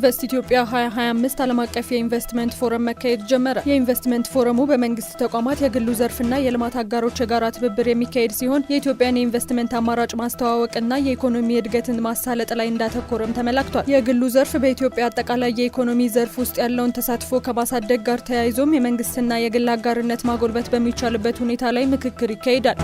ኢንቨስት ኢትዮጵያ 2025 ዓለም አቀፍ የኢንቨስትመንት ፎረም መካሄድ ጀመረ። የኢንቨስትመንት ፎረሙ በመንግስት ተቋማት፣ የግሉ ዘርፍና የልማት አጋሮች የጋራ ትብብር የሚካሄድ ሲሆን የኢትዮጵያን የኢንቨስትመንት አማራጭ ማስተዋወቅና የኢኮኖሚ እድገትን ማሳለጥ ላይ እንዳተኮረም ተመላክቷል። የግሉ ዘርፍ በኢትዮጵያ አጠቃላይ የኢኮኖሚ ዘርፍ ውስጥ ያለውን ተሳትፎ ከማሳደግ ጋር ተያይዞም የመንግስትና የግል አጋርነት ማጎልበት በሚቻልበት ሁኔታ ላይ ምክክር ይካሄዳል።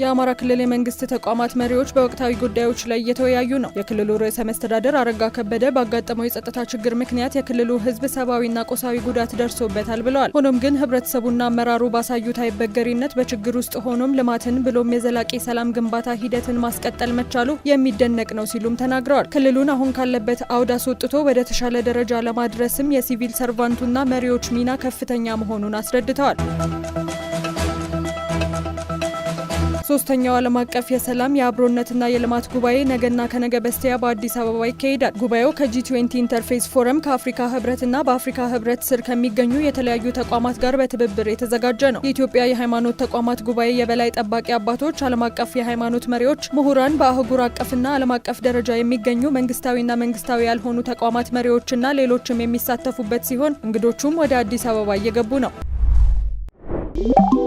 የአማራ ክልል የመንግስት ተቋማት መሪዎች በወቅታዊ ጉዳዮች ላይ እየተወያዩ ነው። የክልሉ ርዕሰ መስተዳደር አረጋ ከበደ ባጋጠመው የጸጥታ ችግር ምክንያት የክልሉ ሕዝብ ሰብአዊና ቁሳዊ ጉዳት ደርሶበታል ብለዋል። ሆኖም ግን ህብረተሰቡና አመራሩ ባሳዩት አይበገሪነት በችግር ውስጥ ሆኖም ልማትን ብሎም የዘላቂ ሰላም ግንባታ ሂደትን ማስቀጠል መቻሉ የሚደነቅ ነው ሲሉም ተናግረዋል። ክልሉን አሁን ካለበት አውድ አስወጥቶ ወደ ተሻለ ደረጃ ለማድረስም የሲቪል ሰርቫንቱና መሪዎች ሚና ከፍተኛ መሆኑን አስረድተዋል። ሶስተኛው ዓለም አቀፍ የሰላም የአብሮነትና የልማት ጉባኤ ነገና ከነገ በስቲያ በአዲስ አበባ ይካሄዳል። ጉባኤው ከጂ ትዌንቲ ኢንተርፌስ ፎረም ከአፍሪካ ህብረትና በአፍሪካ ህብረት ስር ከሚገኙ የተለያዩ ተቋማት ጋር በትብብር የተዘጋጀ ነው። የኢትዮጵያ የሃይማኖት ተቋማት ጉባኤ የበላይ ጠባቂ አባቶች፣ ዓለም አቀፍ የሃይማኖት መሪዎች፣ ምሁራን፣ በአህጉር አቀፍና ዓለም አቀፍ ደረጃ የሚገኙ መንግስታዊና መንግስታዊ ያልሆኑ ተቋማት መሪዎችና ሌሎችም የሚሳተፉበት ሲሆን እንግዶቹም ወደ አዲስ አበባ እየገቡ ነው።